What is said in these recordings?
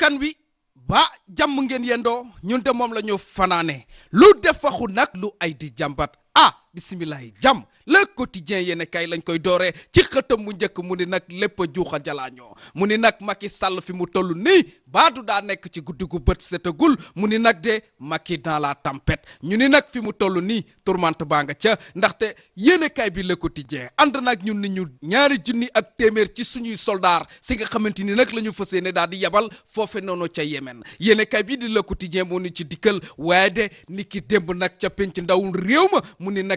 kan wi ba jàmm ngeen yendoo ñun de moom la ñu fanaane lu defaxu nag lu ay di jàmbat ah bisimilahi jàmm le quotidien yéene kay lañ koy dooree ci xëtam mu njëkk mu ni nag lépp a juuxa jalaañoo mu ni nag Macky Sall fi mu toll nii baadu daa nekk ci guddi gu bët setagul mu ni nag de Macky dans la tempête ñu ni nag fi mu toll nii tourmente baa nga ca ndaxte yéene bi le quotidien ànd nag ñun ni ñu ñaari junni ak téeméer ci suñuy soldaar si nga xamante ni nag lañu ñu fas yéene daal di yebal foofe noonu ca Yemen yéene bii bi di le quotidien moo ni ci dikkal waaye de ni ki démb nag ca penc ndawul réew ma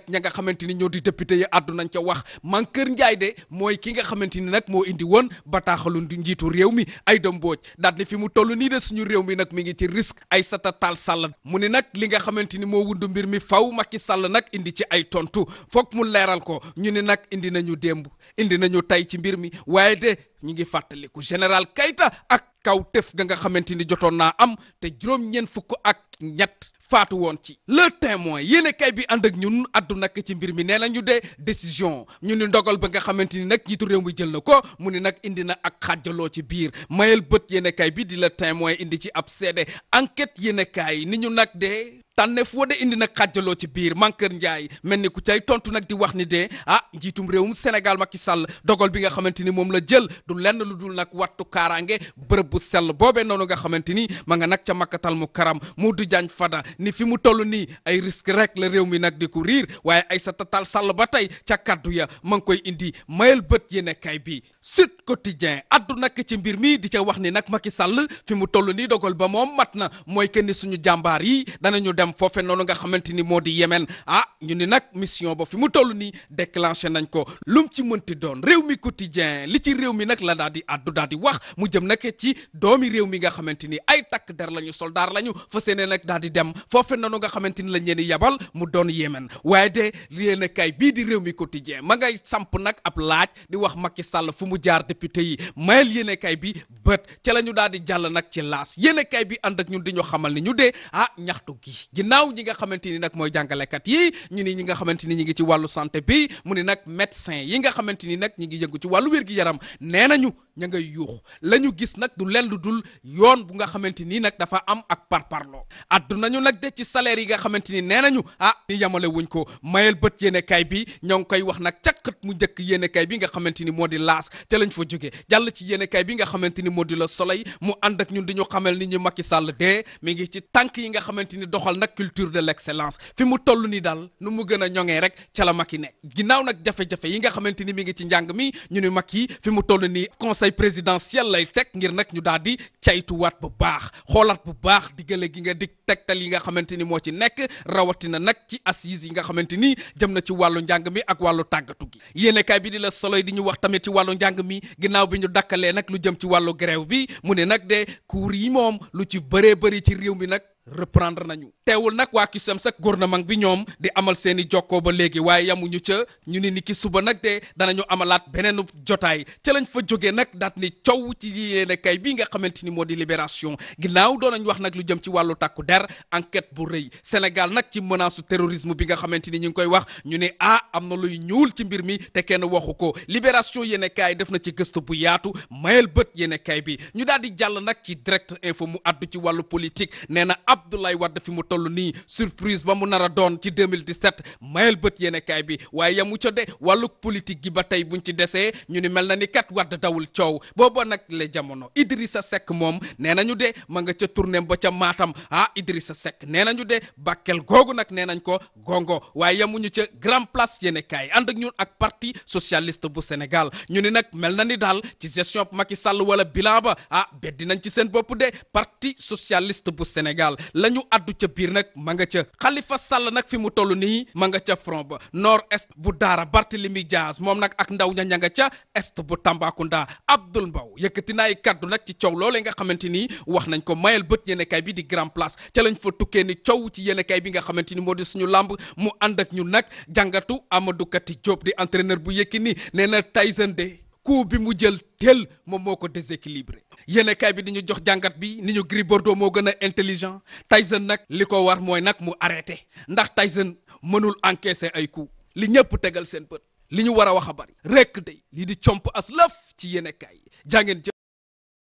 ña nga xamante ni ñoo di député yi àddu nañ ca wax Mankeur Ndiaye de mooy ki nga xamante ni nag moo indi woon bataaxalu njiitu réew mi Aïda Mbodj daal ni fi mu toll nii de suñu réew mi nag mi ngi ci ay sata Tall Sall mu ni nag li nga xamante ni moo wundu mbir mi faw Macky Sall nag indi ci ay tontu foog mu leeral ko ñu ni nag indi nañu démb indi nañu tey ci mbir mi waaye de ñu ngi fàttaliku général Kayta ak kaw tëf ga nga xamante ni jotoon naa am te juróom fukk ak ñett faatu woon ci le témoin yéene kay bi ànd ak ñun addu nag ci mbir mi nee na ñu dee décision ñu ni ndogal ba nga xamante ni nag njiitu réew mi jël na ko mu ni nag indi na ak xaajaloo ci biir mayel bët yéene kay bi di le témoin indi ci ab seede enquête yéene kay ni ñu nag dee tànneef wa de indi nag xàjjaloo ci biir Mankeur Ndiaye mel ni ku cay tontu nag di wax ni de ah njiitum réewum Sénégal makki Sall dogal bi nga xamante ni moom la jël du lenn lu dul nag wattu kaaraange bërëb bu sell boobee noonu nga xamante ni ma nga nag ca makkatal mu karam Modou Diagne Fada ni fi mu toll nii ay risque rek la réew mi nag di ko riir waaye sa Tall Sall ba tey ca kaddu ya ma ngi koy indi mayel bët yéenekaay bi Sud Quotidien addu nag ci mbir mi di ca wax ni nag Macky Sall fi mu toll nii dogal ba moom mat na mooy que ni suñu jàmbaar yi danañu dem dem foofe noonu nga xamante ni moo di Yémen a ah, ñu ni nag mission ba fi mu toll nii déclenché nañ ko lum ci mënti doon réew mi quotidien li ci réew mi nag la daa di addu daa di wax mu jëm nag ci doomi réew mi nga xamante ni ay takk der lañu soldaar lañu fa seenee nag daa di dem foofe noonu nga xamante ni la ñeeni yabal mu doon Yémen waaye de yéen kay bii di réew mi quotidien ma ngay samp nag ab laaj di wax Macky Sall fu mu jaar député yi mayel yéen kay bi bët la ñu daal di jàll nag ci laas yéen kay bi ànd ak ñun di ñu xamal ni ñu dee ah ñaxtu gi ginnaaw ñi nga xamante ni nag mooy jàngalekat yi ñu ni ñi nga xamante ni ñi ngi ci wàllu santé bi mu ni nag médecin yi nga xamante ni nag ñi ngi yëngu ci wàllu wér-gi-yaram nee nañu ña ngay yuux la ñu gis nag du lenn dul yoon bu nga xamante ni nag dafa am ak par parparloo àdduna ñu nag de ci salaire yi nga xamante ni nee nañu ah ni yamale wuñ ko mayel bët yenekaay bi ñoo ngi koy wax nag caq xët mu njëkk yéenekaay bi nga xamante ni moo di laas te lañ fa jógee jàll ci yéenekaay bi nga xamante ni moo di la soleil mu ànd ak ñun di ñu xamal n ñu Macky Sall dee mi ngi ci tànk yi nga xamante ni doxal nag culture de l'excellence fi mu toll ni daal nu mu gën a ñoŋee rek ca la Macky ne ginnaaw nag jafe-jafe yi nga xamante ni mi ngi ci njàng mi ñu ni yi fi mu toll nii conseil présidentiel lay teg ngir nag ñu daal di caytuwaat bu baax xoolaat bu baax diggale gi nga dig tegtal yi nga xamante ni moo ci nekk rawatina nag ci assises yi nga xamante ni jëm na ci wàllu njàng mi ak wàllu tàggatu gi yéenekaay bi di la soloy di ñu wax tamit ci wàllu njàng mi ginnaaw bi ñu dakkalee nag lu jëm ci wàllu grève bi mu ne nag de cours yi moom lu ci bëree bëri ci réew mi nag reprendre nañu teewul nag waa kisam sak gouvernement bi ñoom di amal seen i jokkoo ba léegi waaye yamuñu ca ñu ni ni ki suba nag de danañu amalaat beneen jotaay ca lañ fa jógee nag daat ni coow ci yéene kay bii nga xamante ni moo di libération ginnaaw doon nañ wax nag lu jëm ci wàllu tàkku der enquête bu rëy Sénégal nag ci menace terrorisme bi nga xamante ni ñu ngi koy wax ñu ne ah am na luy ñuul ci mbir mi te kenn waxu ko libération yéene kaay def na ci gëstu bu yaatu mayel bët yéene kaay bi ñu daal di jàll nag ci direct info mu addu ci wàllu politique nee na ab Abdoulaye Wade fi mu toll nii surprise ba mu nar a doon ci 2017 mayel bët yéene kaay bi waaye yamu co de wàlluk politique gi ba tey buñ ci desee ñu ni mel na ni kat Wade dawul coow booba nag la jamono Idrissa Seck moom nee nañu de ma nga ca tournéem ba ca maatam a ah Idrissa sekk nee na ñu de Bakel googu nag nee nañ ko gongo waaye ñu ca Grand Place yéene kaay ànd ak ñun ak parti socialiste bu Sénégal ñu ni nag mel na ni daal ci gestion Macky Sall wala bilan ba ah beddi ci seen bopp de parti socialiste bu Sénégal la ñu àddu ca biir nag ma nga ca xalifa Sall nag fi mu toll nii ma nga ca front ba nord est bu Daara barte Barthélemy Dias moom nag ak ndaw ña ña nga ca est bu Tambacounda Abdoul Mbaw yëkkati na ay kaddu nag ci coow loolee nga xamante ni wax nañ ko mayel bët yéenekaay bi di grand place ca lañ fa tukkee ni coow ci yéenekaay bi nga xamante ni moo di suñu làmb mu ànd ak ñun nag jàngatu Amadou Kati Diop di entraîneur bu Yékini nee na Tyson de coup bi mu jël. tel moom moo ko déséquilibré yéen kaay bi di ñu jox jàngat bi ni ñu Gris Bordeaux moo gën a intelligent Tyson nag li ko war mooy nag mu arrêté ndax Tyson mënul encaisser ay coups li ñëpp tegal seen bët li ñu war a wax a bari rekk day lii di comp as lëf ci yenekaay kaay yi